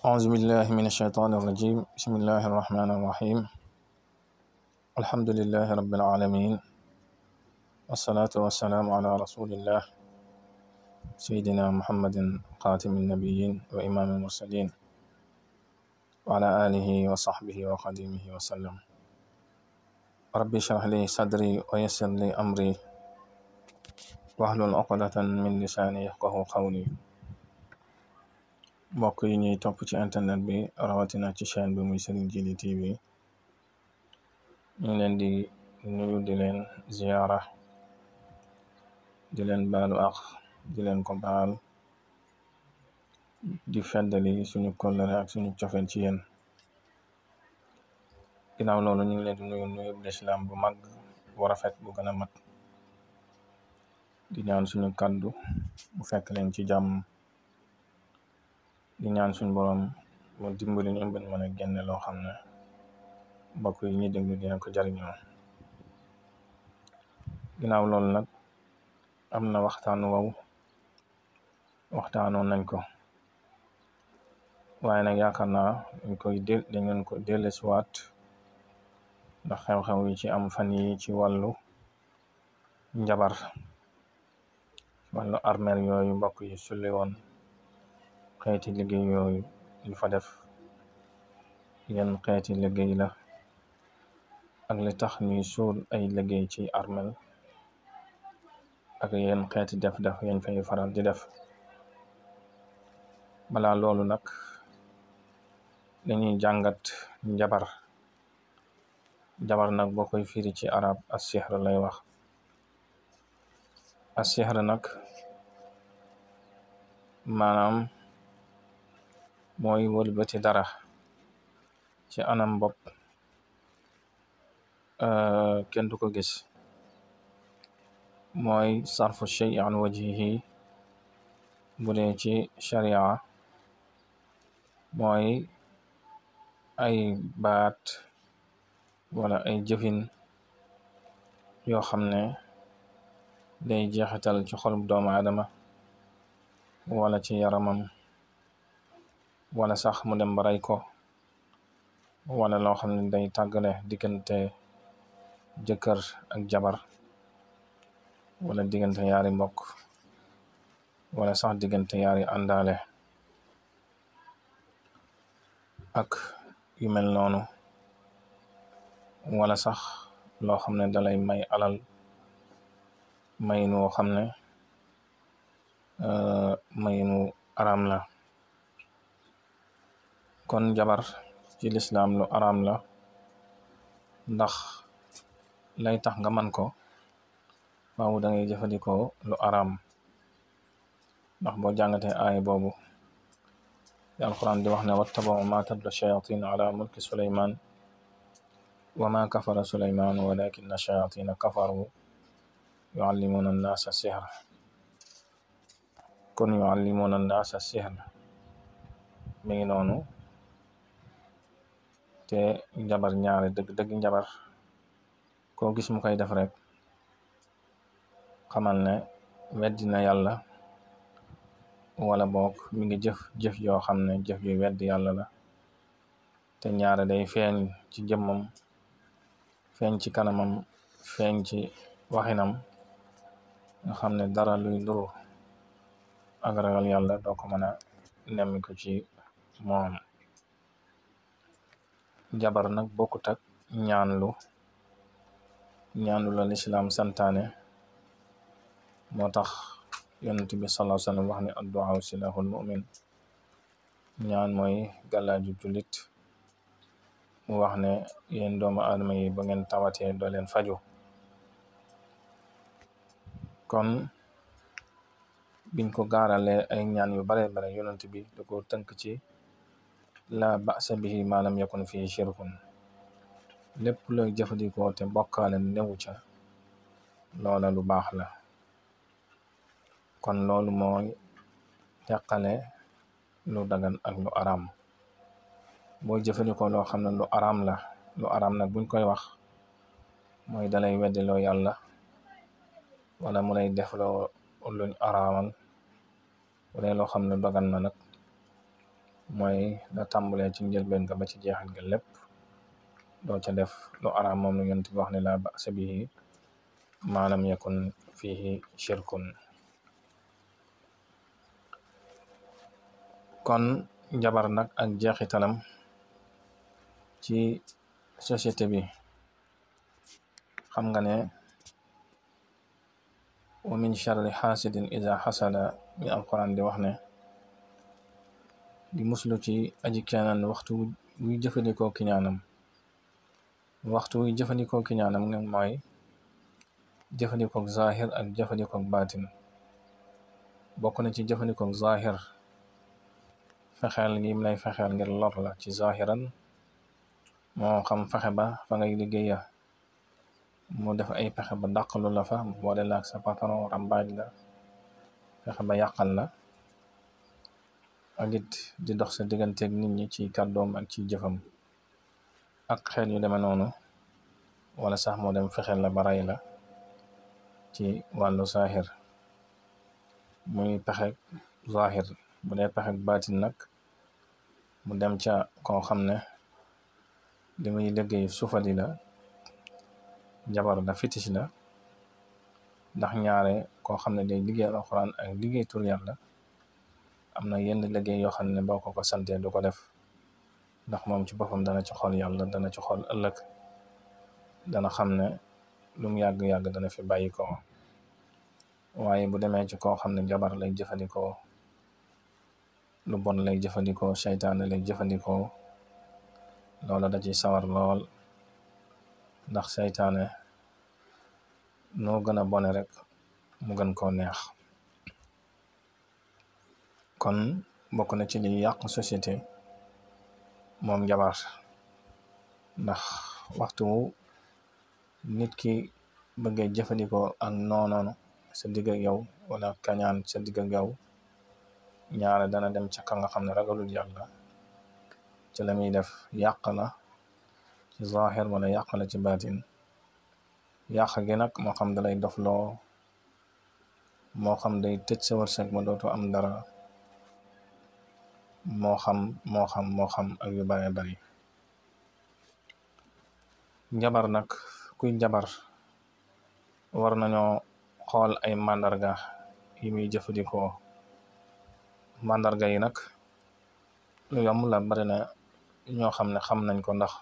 أعوذ بالله من الشيطان الرجيم بسم الله الرحمن الرحيم الحمد لله رب العالمين والصلاة والسلام على رسول الله سيدنا محمد خاتم النبيين وإمام المرسلين وعلى آله وصحبه وقديمه وسلم ربي اشرح لي صدري ويسر لي أمري واحلل عقدة من لساني يفقه قولي mbokk yi ñuy topp ci internet bi rawatina ci chaîne bi muy Serigne Djily TV ñu leen di nuyu di leen ziyaara di leen baalu ak di leen kobaal di feddali suñu kollëre ak suñu cofeel ci yeen ginnaaw loolu ñu ngi leen di nuyu nuyu lislaam bu mag bu rafet bu gën a mat di ñaan suñu kàddu bu fekk leen ci jàmm di ñaan suñ borom moo dimbali ñu bañ mën a génne loo xam ne mbokk yi ñuy déglu dina ko jariñoo ginnaaw loolu nag am na waxtaan waw waxtaanoon nañ ko waaye nag yaakaar naa dañ koy del dañ leen ko dellesuwaat ndax xew-xew yi ci am fan yi ci wàllu njabar wàllu armeel yooyu mbokk yi sulli woon xeeti liggéey yooyu yuñ fa def yan xeeti liggéey la ak li tax ñuy suul ay liggéey ci armel ak yenn xeeti def-def yañ fay faral di def balaa loolu nag dañuy jàngat jabar jabar nag boo koy firi ci arab as-sihr lay wax as-sihr nag maanaam mooy wëlbati dara ci anam bopp euh, kenn du ko gis mooy sarfu shay an wajihi bu dee ci sharia mooy ay baat wala ay jëfin yoo xam ne day jeexital ci xolub doomu aadama wala ci yaramam wala sax mu dem ba rey ko wala loo xam ne day tàggale diggante jëkkër ak jabar wala diggante yaari mbokk wala sax diggante yaari àndaale ak yu mel noonu wala sax loo xam ne dalay may alal mayin woo xam ne euh, mayinu aram la kon jabar ci lislaam lu araam la ndax lay tax nga man ko faaw da ngay jëfandikoo lu aram ndax boo jàngatee aay boobu te alquran di wax ne wattabau ma tatlu shayatin ala mulki suleyman wa ma kafara suleyman a shayatina kafaru yuallimuna a sihr kon yuallimuna annaasa sihr mi ngi noonu te njabar ñaare dëgg dëgg njabar koo gis mu koy def rek xamal ne weddi na yàlla wala boog mi ngi jëf jëf yoo xam ne jëf yu weddi yàlla la te ñaare day feeñ ci jëmmam feeñ ci kanamam feeñ ci waxinam nga xam ne dara luy nduru ak yàlla doo ko mën a ko ci moom jabar nag bokkut ak ñaanlu ñaanlu la lislaam santaane moo tax yonent bi sallallahu alayhi wasallam wax ne addu'a silahul mu'min ñaan mooy gàllaaju jullit mu wax ne yéen doomu aadama yi ba ngeen tawatee doo leen faju kon biñ ko gaarale ay ñaan yu bare bare yonent bi da ko tënk ci laa ba'sa bihi maa lam yakun fii shirkun lépp looy jëfandikoo te bokkaale newu ca loola lu baax la kon loolu mooy teqale lu dagan ak lu araam booy jëfandikoo loo xam ne lu araam la lu araam nag buñ koy wax mooy dalay weddiloo yàlla wala mu lay defloo luñ araamal wala loo xam ne dagan na nag mooy la tàmbalee ci njëlbeen ga ba ci jeexal ga lépp doo ca def lu araam moom la yonent bi wax ne laa ba'sa bihi maa lam yakun fihi kon njabar nag ak jeexitalam ci société bi xam nga ne wa min sharri xaasidin iza xasada mi alquran di wax ne di muslu ci aji kiñaan waxtu wuy jëfandikoo kiñaanam waxtu wuy jëfandikoo kiñaanam nag mooy jëfandikook zaahir ak jëfandikook baatin bokk na ci jëfandikook zaahir fexeel gi mu fexeel ngir lor la ci zaahiran moo xam fexe ba fa ngay liggéeya mu def ay pexe ba dàqalu la fa boole la ak sa patron rambaaj la fexe ba yàqal la ak di dox sa digganteeg nit ñi ci kàddoom ak ci jëfam ak xel yu demee noonu wala sax moo dem fexeel la baray la ci wàllu saaxir muy pexek zaahir bu dee pexek baatin nag mu dem ca koo xam ne li muy liggéey suufali la jabar la fétiche la ndax ñaare koo xam ne day liggéeyal alxuraan ak liggéey tur yàlla am na yenn liggéey yoo xam ne boo ko ko sante du ko def ndax moom ci boppam dana ci xool yàlla dana ci xool ëllëg dana xam ne lum mu yàgg-yàgg dana fi bàyyi ko waaye bu demee ci koo xam ne jabar lay jëfandikoo lu bon lay jëfandikoo seytaane lay jëfandikoo loola da ciy sawar lool ndax seytaane noo gën a bone rek mu gën koo neex kon bokk na ci liy yàq société moom njabar ndax waxtu nit ki bëggee jëfandikoo ak noonoonu sa digg ak yow wala kañaan sa yaw ak yow ñaara dana dem ca ka nga xam ne ragalul yàlla ci la muy def yàq la ci zahir wala yàq la ci baatin yàq gi nag moo xam dalay dofloo moo xam da tëj sa wërsëg ma dootoo am dara moo xam moo xam moo xam ak yu bare bari njabar nag kuy njabar war nañoo xool ay màndarga yi muy jëfandikoo màndarga yi nag lu yomb la bari na ñoo xam ne xam nañ ko ndax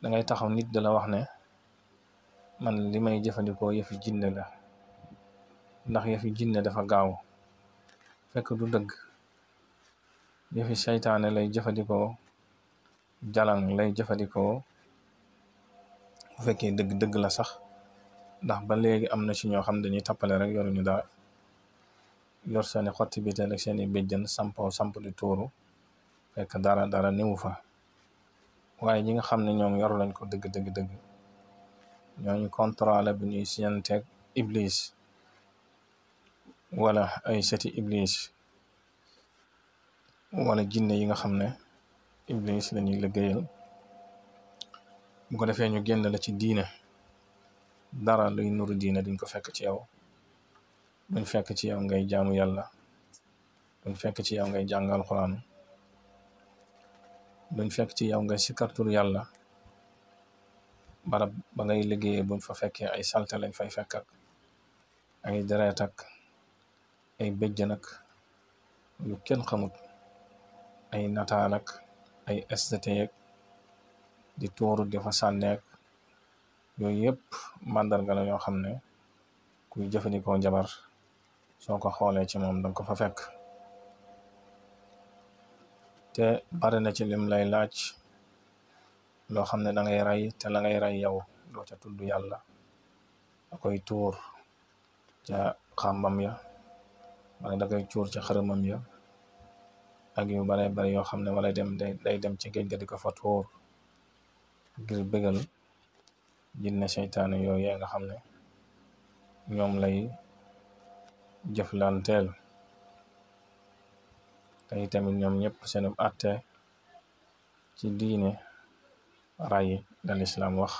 dangay taxaw nit da la wax ne man li may jëfandikoo yëfi jinne la ndax yëfi jinne dafa gaaw fekk du dëgg yëfi seytaane lay jëfandikoo jalan lay jëfandikoo bu fekkee dëgg-dëgg la sax ndax ba léegi am na ci ñoo xam dañuy tappale rek yoruñu daal yor seeni xotti biteen ak seeni béjjën sampoo samp di tuuru fekk dara dara niwu fa waaye ñi nga xam ne ñoom yoru lañ ko dëgg dëgg dëgg ñooñu contrôlé bi ñuy siyanteeg iblis wala ay seti iblis wala jinne yi nga xam ne iblis lañuy liggéeyal bu ko defee ñu génn la ci diine dara luy nuru diine duñ ko fekk ci yow duñ fekk ci yow ngay jaamu yàlla duñ fekk ci yow ngay jàng alxuraan duñ fekk ci yow ngay sikartul yàlla barab ba ngay liggéeyee buñ fa fekkee ay salte lañ fay fekk ak ay dereet ak ay bëjjën ak yu kenn xamut ay nataan ay stt di tuuru di fa sànneek yooyu yëpp màndarga la yoo xam ne kuy jëfandikoo njabar soo ko xoolee ci moom danga ko fa fekk te bari na ci lim lay laaj loo xam ne da ngay rey te la ngay rey yow doo ca tudd yàlla da koy tuur ca xambam ya wala da koy tuur ca xërëmam ya ak yu bare bari yoo xam ne wala dem day dem ci géej ga di ko fa tuur ngir bégal jinne yo yooyu yaa xam ne ñoom lay jëflanteel tey tamit ñoom ñëpp seenub àtte ci diine ray la lislaam wax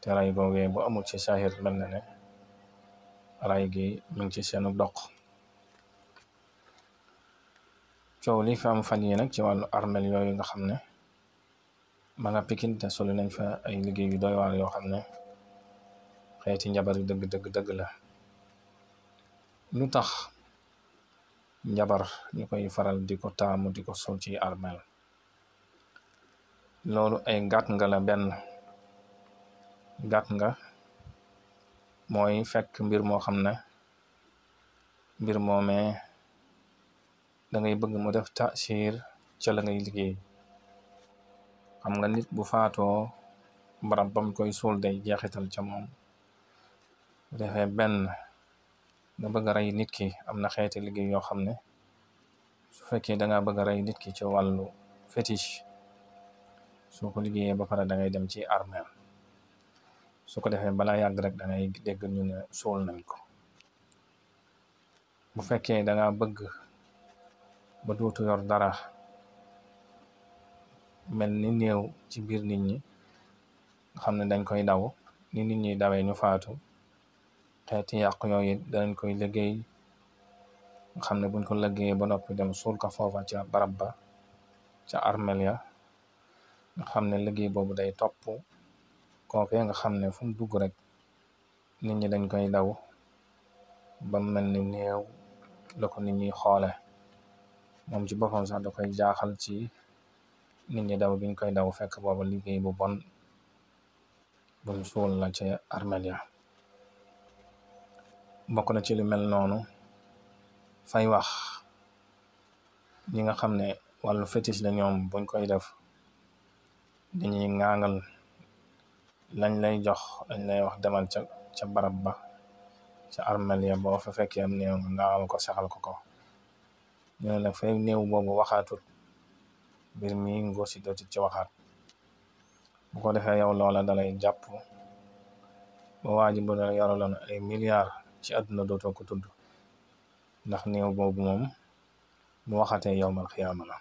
te ray googee bu amul ci saahir mel na ne ray gi mu ngi ci seenu doq coow li fi am fan yi nag ci wàllu armel yooyu nga xam ne ma nga Pikine te solu nañ fa ay liggéey yu doy waar yoo xam ne xeeti njabar yu dëgg dëgg la lu tax njabar ñu koy faral di ko taamu di ko sol ci armel loolu ay gàtt nga la benn gàtt nga mooy fekk mbir moo xam ne mbir moomee da ngay bëgg mu def tasir ca la ngay liggéey xam nga nit bu faatoo barab bam koy suul day jeexital ca moom bu defee benn nga bëgg a rey nit ki am na xeeti liggéey yoo xam ne su fekkee da ngaa bëgg a rey nit ki ci wàllu fétiche soo ko liggéeyee ba pare da dem ci armeel su ko defee balaa yàgg rek dangay ngay dégg ñu ne nañ ko bu fekkee da bëgg ba dootu dara mel ni néew ci biir nit ñi nga xam ne dañ koy daw ni nit ñi dawee ñu faatu xeeti yàqu yooyu danañ koy liggéey nga xam ne buñ ko liggéeyee ba noppi dem suul ko foofa ca barab ba ca armelia ya nga xam ne liggéey boobu day topp kookee nga xam ne fu mu dugg rek nit ñi dañ koy daw ba mel ni néew la ko nit ñi xoole moom ci boppam sax da koy jaaxal ci nit ñi daw biñ koy daw fekk booba liggéey bu bon buñ suul la ca armeel bokk na ci lu mel noonu fay wax ñi nga xam ne wàllu fétis la ñoom buñ koy def dañuy ŋaangal lañ lay jox lañ lay wax demal ca ca barab ba ca armeel ya boo fa fekkee am néew nga ko saxal ko ko ñoo nag fay néew boobu waxaatul mbir mi ngóor si dootit ci waxaat bu ko defee yow loola dalay jàpp ba waa ji bu la yoraloon milliards ci àdduna dootoo ko tudd ndax néew boobu moom mu waxatee yowmal xiyaama la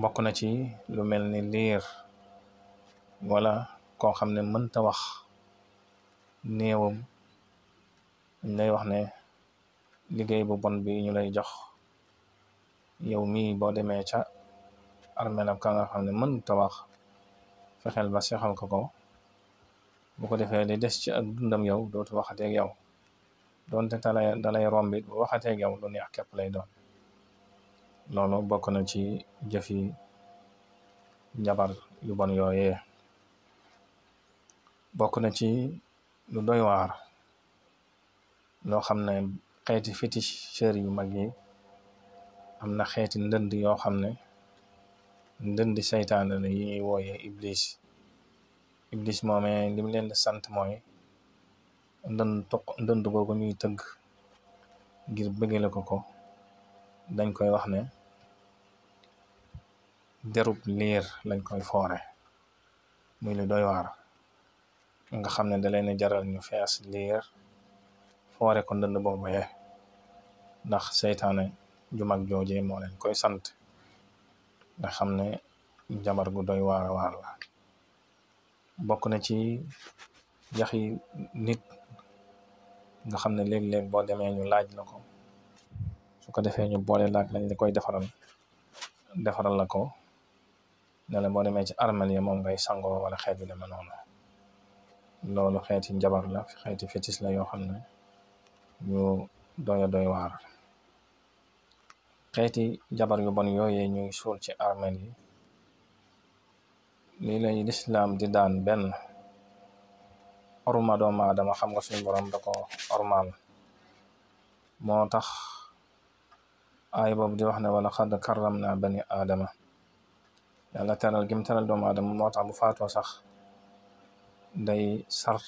bokk na ci lu mel ni liir wala koo xam ne mënta wax néewam dañ lay wax ne liggéey bu bon bi ñu lay jox yow mii boo demee ca armelam ka nga xam ne mënta wax fexeel ba sexal ko ko bu ko defee li des ci ak dundam yow dootu waxateeg yow doonte dalay dalay rombit bu waxateeg yow lu neex képp lay doon loolu bokk na ci jafi jabar yu bon yooyee bokk na ci lu doy waar loo xam ne xeeti féticheur yu mag yi am na xeeti ndënd yoo xam ne ndënd seytaane na yi ñuy wooyee iblis iblis moomee lim leen sant mooy ndënd toq ndënd googu ñuy tëgg ngir bëggale ko ko dañ koy wax ne derub liir lañ koy foore muy lu doy waar nga xam ne da leen jaral ñu fees liir foore ko ndënd boobee ndax seytaane ju mag joojee moo leen koy sant nga xam ne jabar gu doy waar waar la bokk na ci yaxi nit nga xam ne léeg-léeg boo demee ñu laaj la ko su ko defee ñu boole laaj lañ li koy defaral defaral la ko ne la boo demee ci armel yi moom ngay sangoo wala xeet bi deme loolu xeeti njabar la xeeti fétis la yoo xam ne yu doya doy waar xeeti jabar yu bon yooyee ñu ngi suul ci armeel yi lii lay lislaam di daan benn orma doomu aadama xam nga suñu borom da ko moo tax aay boobu di wax ne wala xadd karram naa bani aadama yàlla teral gim teral doomu aadama moo tax bu faatoo sax day sart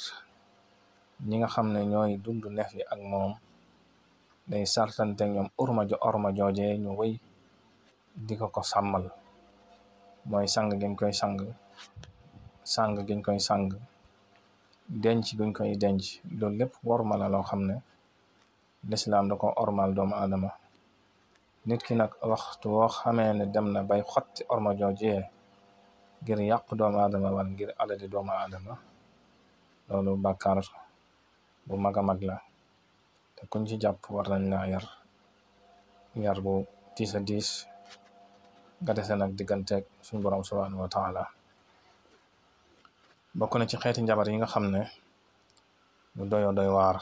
ñi nga xam ne ñooy dund neex yi ak moom day sartante ñoom urma jo orma jooje ñoo wëy di ko ko sàmmal mooy sang giñ koy sang sang giñ koy sang denc guñ koy denc loolu lépp worma la loo xam ne lislaam da ko ormal doom aadama nit ki nag waxtu woo xamee ne dem na bay xotti orma jooje ngir yàq doomu aadama wala ngir alali doomu aadama loolu bàkkaar bu mag a mag la te kuñ ci jàpp war nañ laa yar yar bu diis a diis nga dese nag digganteeg suñ borom subhanahu wa taala bokk na ci xeeti njabar yi nga xam ne lu doyoo doy waar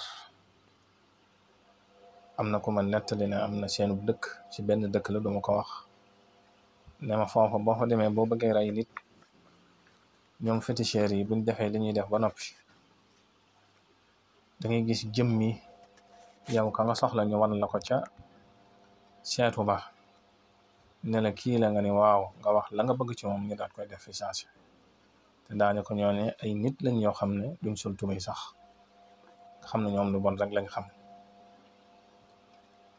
am na ku ma nettali ne am na seenu dëkk ci benn dëkk la duma ko wax ne ma foofa boo fa demee boo bëggee rey nit ñoom féticheurs yi buñ defee li ñuy def ba noppi da ngay gis jëmmi yow ka nga soxla ñu wan la ko ca seetu ba ne la kii la nga ne waaw nga wax la nga bëgg ci moom ñu daal koy def fi saasi te daañu ko ñoo ne ay nit lañ yoo xam ne sol tuba tubéy sax xam ne ñoom lu bon rek lañ xam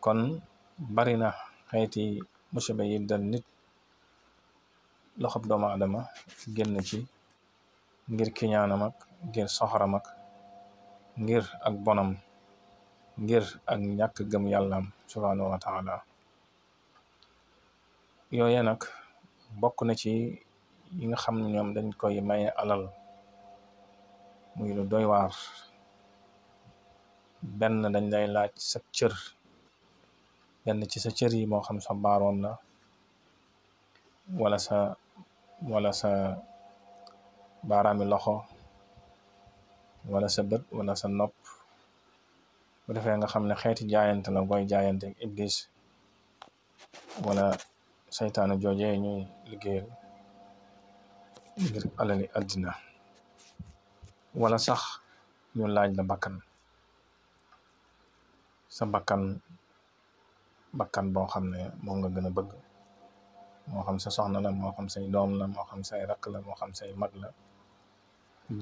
kon bari na xeeti musiba yi dal nit loxob doomu aadama génn ci ngir kiñaan kiñaanam ak ngir soxoram ak ngir ak bonam ngir ak ñàkk gëm yàlla subhaanahu wa taala yooye nag bokk na ci yi nga xam ne ñoom dañ koy maye alal muy lu doy waar benn dañ lay laaj sa cër benn ci sa cër yi moo xam sa baaroon la wala sa wala sa baaraami loxo wala sa bët wala sa nop bu defee nga xam ne xeeti jaayante la booy jaayante ak iblis wala saytaanu joojee ñuy liggéeyal ngir alali àddina wala sax ñu laaj la bakkan sa bakkan bakkan boo xam ne moom nga gën a bëgg moo xam sa soxna la moo xam say doom la moo xam say rakk la moo xam say mag la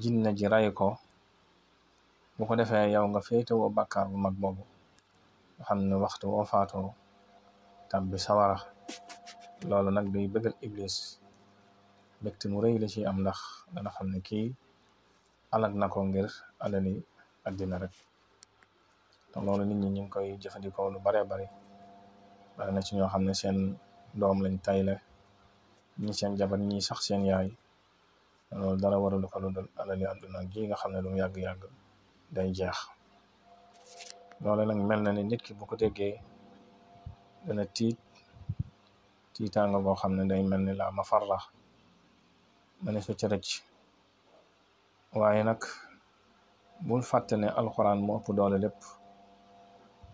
jinne ji ray ko bu ko defee yow nga féetewoo bàkkaar bu mag boobu xam ne waxtu woo faatoo bi sawara loolu nag day bëggal iblis mbégte mu rëy la ci am ndax dana xam ne kii alag na ko ngir alali addina rek te loolu nit ñi ñu ngi koy jëfandikoo lu baree bari bari na ci ñoo xam ne seen doom lañ tayle ñi seen jabar ñi sax seen yaay loolu dara waralu ko lu dul alali adduna gi nga xam ne lu mu yàgg-yàgg day jeex loole nag mel na ni nit ki bu ko déggee dana tiit tiitaanga boo xam ne day mel ni laa ma farla ma ne su ca rëcc waaye nag bul fàtte ne alxuraan mu ëpp doole lépp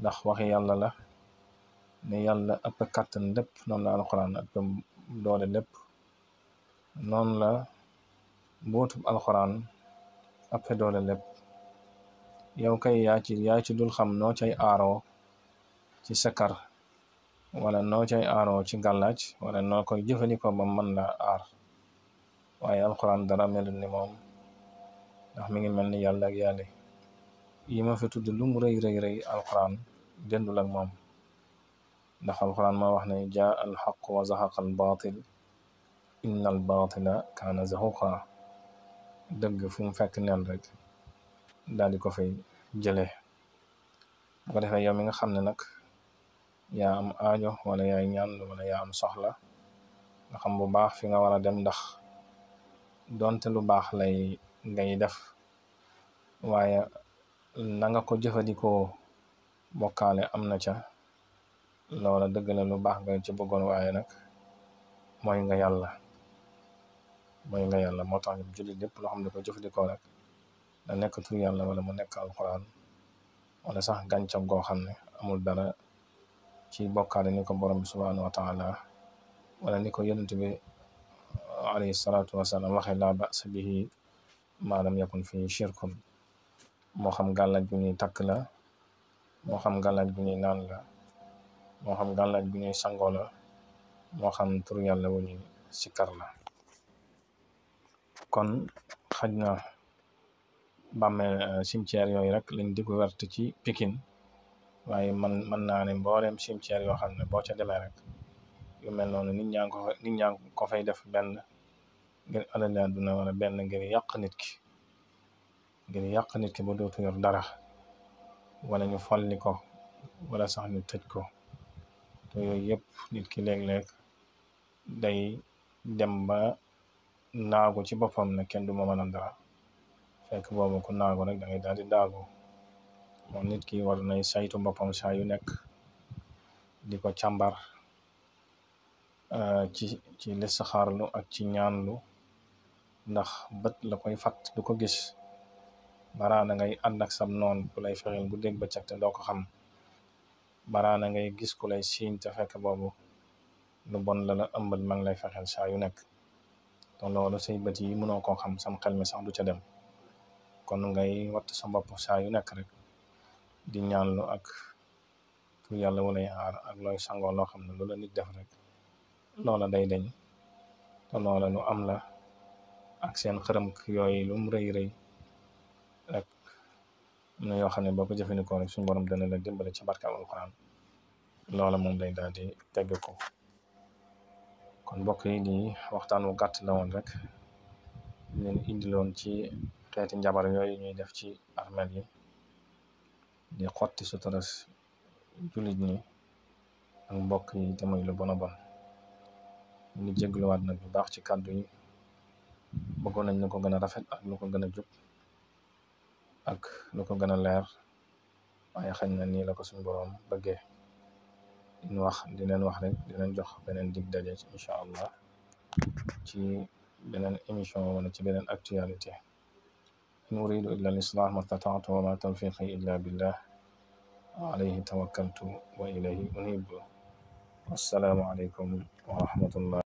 ndax waxi yàlla la ne yàlla ëpp kàttan lépp noonu la alxuraan ëpp doole lépp noonu la mbootub alxuraan ëpp doole lépp yow kay yaa ci dul xam noo cay aaroo ci sakar wala noo cay aaroo ci gàllaaj wala noo koy jëfandikoo ba man la aar waaye alxuraan dara melul ni ndax mi ngi mel ni yàlla ak yàlla yi fi tudd lu mu rëy rëy rëy alxuraan dendul ak moom ndax alxuraan ma wax ne jaa alxaq wa zahaqa al inna al baatila kaana zahuqa dëgg fu fekk neen rek daal di ko fay jëlee bu ko defee mi nga xam ne nag ya am aajo wala yaay ñaan wala yaa am soxla nga xam bu baax fi nga war a dem ndax donte lu baax lay ngay def waaye na nga ko jëfandikoo bokkaale am na ca loola dëgg la lu baax nga ci bëggoon waaye nag mooy nga yàlla mooy nga la moo tax jullit lépp loo xam ne ko jëfandikoo rek da nekk tur yàlla wala mu nekk alxuraan wala sax gàncax goo xam ne amul dara ci bokkaale ni ko borom bi subhaanahu wala ni ko yonent bi alayhi salaatu wasalaam waxee laa ba'sa bihi maa lam yakun fii shirkun moo xam gàllaaj bu ñuy takk la moo xam gàllaaj bu ñuy naan la moo xam gàllaaj bu ñuy sangoo la moo xam tur yàlla wu ñuy sikkar la kon xaj na bàmmeel euh, cimetière yooyu rek lañ découverte ci Pikine waaye man mën naa ne mbooleem cimetière yoo xam ne boo ca demee rek yu mel noonu nit ñaa ngi ko nit fay def benn ngir alali àdduna wala benn ngir yàq nit ki ngir yàq nit ki ba dootu yor dara wala ñu folli ko wala sax ñu tëj ko te yooyu yëpp nit ki léeg-léeg day dem ba naagu ci boppam ne kenn du ma mënal dara fekk boobu ku naagu rek da daal di daagu moom nit ki war nay saytu boppam saa yu nekk di ko càmbar euh, ci ci listixaarlu ak ci ñaan lu ndax bët la koy fat du ko gis baraana ngay ànd ak sam noon ku lay fexeel bu dégg bëccëg te doo ko xam baraana ngay gis ku lay siiñ te fekk boobu lu bon la la ëmbal lay fexeel saa yu nekk te loolu say bët yi mënoo ko xam sam xel mi sax du ca dem kon ngay watt sa bopp saa yu nekk rek di ñaan ñaanlu ak pour yàlla wala aar ak looy sangoo loo xam ne lu la nit def rek loola day dañ te loola lu am la ak seen xërëm yooyu lu mu rëy rëy rek am na yoo xam ne boo ko jëfandikoo rek suñu borom dana la dimbale ci barka ka loola moom day daal di ko kon mbokk yi waxtaan wu gàtt la woon rek leen indiloon ci xeeti njabar yooyu ñuy def ci armeel yi di xotti suturas jullit ñi ak mbokk yi te muy lu bon a bon ñu jégluwaat nag bu baax ci kàddu yi bëggoon nañ lu ko gën a rafet ak lu ko gën a jub ak lu ko gën a leer waaye xañ na ni la ko suñu boroom bëggee din wax di leen wax rek di jox beneen dig daje ci incha allah ci beneen émission wala ci beneen actualité in uridu illa al-islah ma stata'tu wa ma tawfiqi illa billah alayhi tawakkaltu wa ilayhi unib wassalaamu aleykum wa rahmatullah